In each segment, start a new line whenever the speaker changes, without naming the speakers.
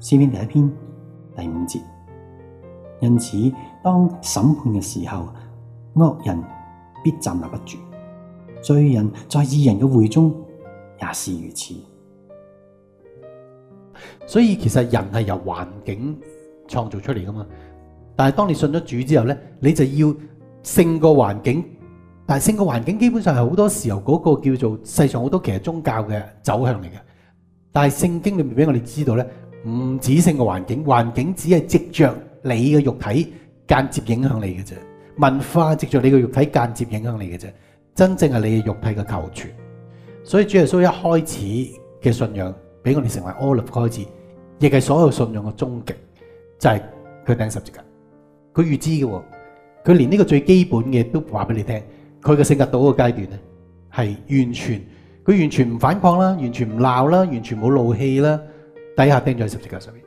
詩篇第一篇第五節，因此當審判嘅時候，惡人必站立不住，罪人在義人嘅會中也是如此。所以其實人係由環境創造出嚟噶嘛，但係當你信咗主之後咧，你就要勝個環境。但係勝過環境基本上係好多時候嗰個叫做世上好多其實宗教嘅走向嚟嘅，但係聖經裏面俾我哋知道咧。唔止性嘅環境，環境只係藉着你嘅肉體間接影響你嘅啫。文化藉着你嘅肉體間接影響你嘅啫。真正係你嘅肉體嘅求存。所以主耶穌一開始嘅信仰，俾我哋成為阿勒開始，亦係所有信仰嘅終極，就係佢頂十字架。佢預知嘅喎，佢連呢個最基本嘅都話俾你聽。佢嘅性格到嗰個階段咧，係完全，佢完全唔反抗啦，完全唔鬧啦，完全冇怒氣啦。底下掟咗喺十字架上面，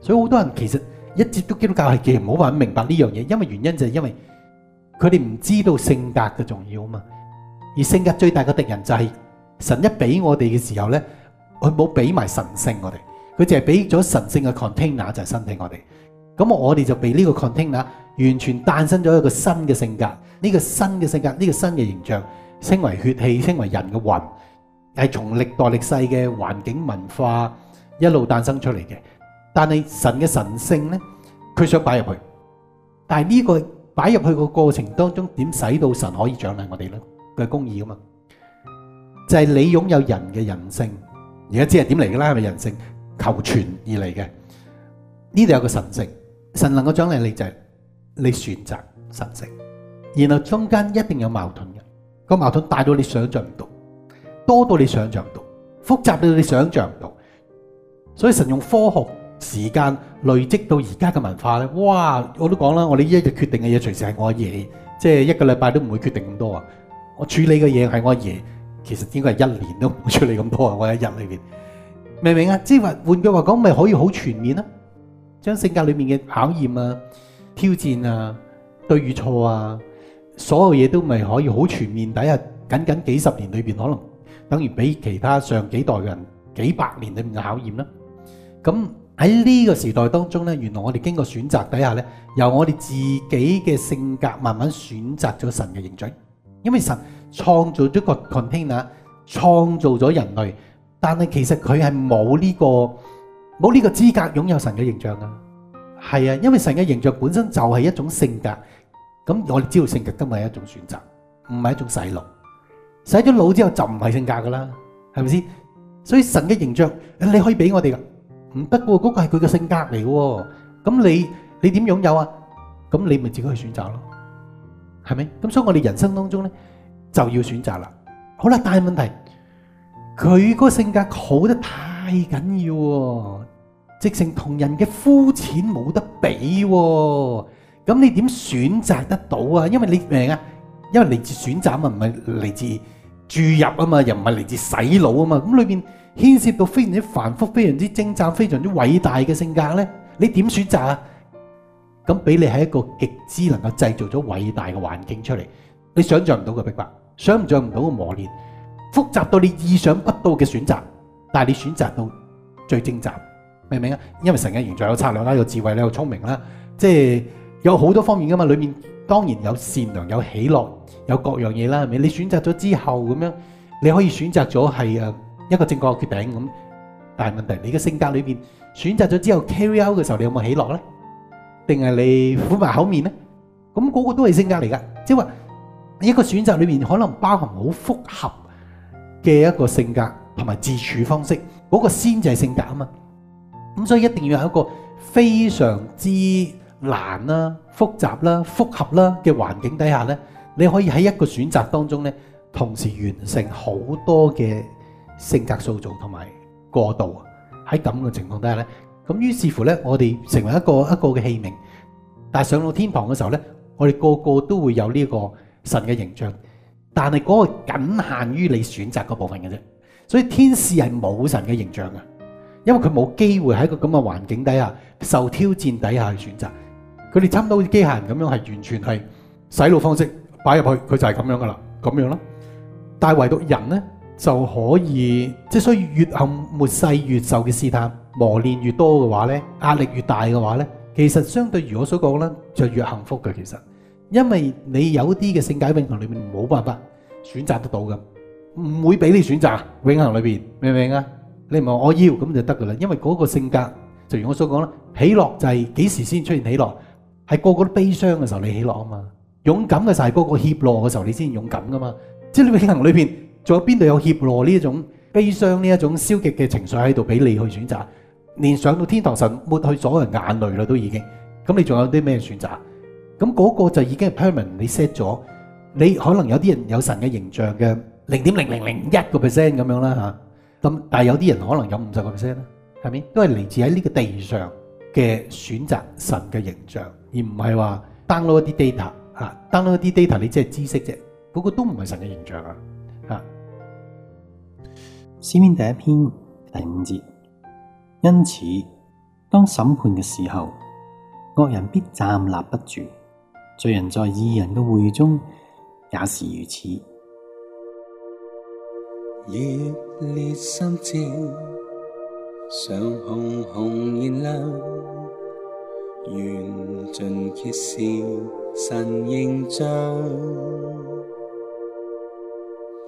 所以好多人其實一接觸基督教係其實冇辦法明白呢樣嘢，因為原因就係因為佢哋唔知道性格嘅重要啊嘛。而性格最大嘅敵人就係神一俾我哋嘅時候咧，佢冇俾埋神性我哋，佢淨係俾咗神性嘅 container，就係身體我哋。咁我我哋就被呢個 container 完全誕生咗一個新嘅性格，呢個新嘅性格，呢個新嘅形象，稱為血氣，稱為人嘅魂，係從歷代歷世嘅環境文化。一路誕生出嚟嘅，但係神嘅神性咧，佢想擺入去，但係呢個擺入去個過程當中，點使到神可以獎勵我哋咧？佢係公義噶嘛？就係你擁有人嘅人性，而家知係點嚟噶啦？係咪人性求全而嚟嘅？呢度有個神性，神能夠獎勵你就係你選擇神性，然後中間一定有矛盾嘅，個矛盾大到你想象唔到，多到你想象唔到，複雜到你想象唔到。所以神用科學時間累積到而家嘅文化咧，哇！我都講啦，我哋一日決定嘅嘢，隨時係我阿爺，即係一個禮拜都唔會決定咁多啊。我處理嘅嘢係我阿爺，其實應該係一年都唔會處理咁多啊。我一日裏面明唔明啊？即係話換句話講，咪可以好全面啊！將性格裏面嘅考驗啊、挑戰啊、對與錯啊，所有嘢都咪可以好全面底下。第一，僅僅幾十年裏邊，可能等於比其他上幾代人幾百年裏面嘅考驗啦、啊。咁喺呢個時代當中呢，原來我哋經過選擇底下呢，由我哋自己嘅性格慢慢選擇咗神嘅形象。因為神創造咗個 container，創造咗人類，但係其實佢係冇呢個冇呢個資格擁有神嘅形象啊。係啊，因為神嘅形象本身就係一種性格。咁我哋知道性格根本係一種選擇，唔係一種洗腦。洗咗腦之後就唔係性格噶啦，係咪先？所以神嘅形象你可以俾我哋噶。唔得喎，嗰個係佢嘅性格嚟嘅，咁你你點擁有啊？咁你咪自己去選擇咯，係咪？咁所以我哋人生當中咧就要選擇啦。好啦，但係問題佢個性格好得太緊要喎，直情同人嘅膚淺冇得比喎。咁你點選擇得到啊？因為你明啊，因為嚟自選擇啊嘛，唔係嚟自注入啊嘛，又唔係嚟自洗腦啊嘛，咁裏邊，牽涉到非常之繁複、非常之精湛、非常之偉大嘅性格呢，你點選擇啊？咁俾你係一個極之能夠製造咗偉大嘅環境出嚟，你想象唔到嘅逼迫，想象唔到嘅磨練，複雜到你意想不到嘅選擇，但係你選擇到最精湛，明唔明啊？因為神嘅形象有策略啦，有智慧你又聰明啦，即係有好多方面噶嘛。裏面當然有善良、有喜樂、有各樣嘢啦，係咪？你選擇咗之後咁樣，你可以選擇咗係誒。一個正確嘅決定咁，但係問題，你嘅性格裏邊選擇咗之後 carry out 嘅時候，你有冇起落呢？定係你苦埋口面呢？咁、那、嗰個都係性格嚟噶，即係話一個選擇裏面可能包含好複合嘅一個性格同埋自處方式，嗰、那個先至係性格啊嘛。咁所以一定要有一個非常之難啦、啊、複雜啦、啊、複合啦嘅環境底下呢，你可以喺一個選擇當中呢，同時完成好多嘅。性格塑造同埋過度喺咁嘅情況底下咧，咁於是乎咧，我哋成為一個一個嘅器皿。但係上到天堂嘅時候咧，我哋個個都會有呢個神嘅形象，但係嗰個僅限於你選擇嗰部分嘅啫。所以天使係冇神嘅形象㗎，因為佢冇機會喺個咁嘅環境底下受挑戰底下去選擇。佢哋差唔多好似機械人咁樣，係完全係洗腦方式擺入去，佢就係咁樣噶啦，咁樣咯。但係唯獨人咧，就可以，即係所以越陷、末世越受嘅試探磨練越多嘅話呢，壓力越大嘅話呢，其實相對如我所講呢，就越幸福嘅其實，因為你有啲嘅性格喺永恆裏面冇辦法選擇得到嘅，唔會俾你選擇。永恆裏邊明唔明啊？你唔係我要咁就得噶啦，因為嗰個性格就如我所講啦，喜樂就係幾時先出現喜樂？係個個都悲傷嘅時候你喜樂啊嘛，勇敢嘅就係嗰個怯懦嘅時候你先勇敢噶嘛，即係你永恆裏邊。仲有邊度有怯懦，呢一種悲傷，呢一種消極嘅情緒喺度，俾你去選擇。連上到天堂神，神抹去所有人眼淚啦，都已經咁。那你仲有啲咩選擇？咁嗰個就已經係 permanent 你 set 咗。你可能有啲人有神嘅形象嘅零點零零零一個 percent 咁樣啦嚇。咁但係有啲人可能有五十個 percent 啦，係咪都係嚟自喺呢個地上嘅選擇神嘅形象，而唔係話 download 一啲 data 嚇。download 一啲 data 你只係知識啫，嗰、那個都唔係神嘅形象啊。啊！詩篇第一篇第五節，因此當審判嘅時候，惡人必站立不住；罪人在義人嘅會中也是如此。
熱烈心志，像熊熊燃亮，願盡結時神應彰。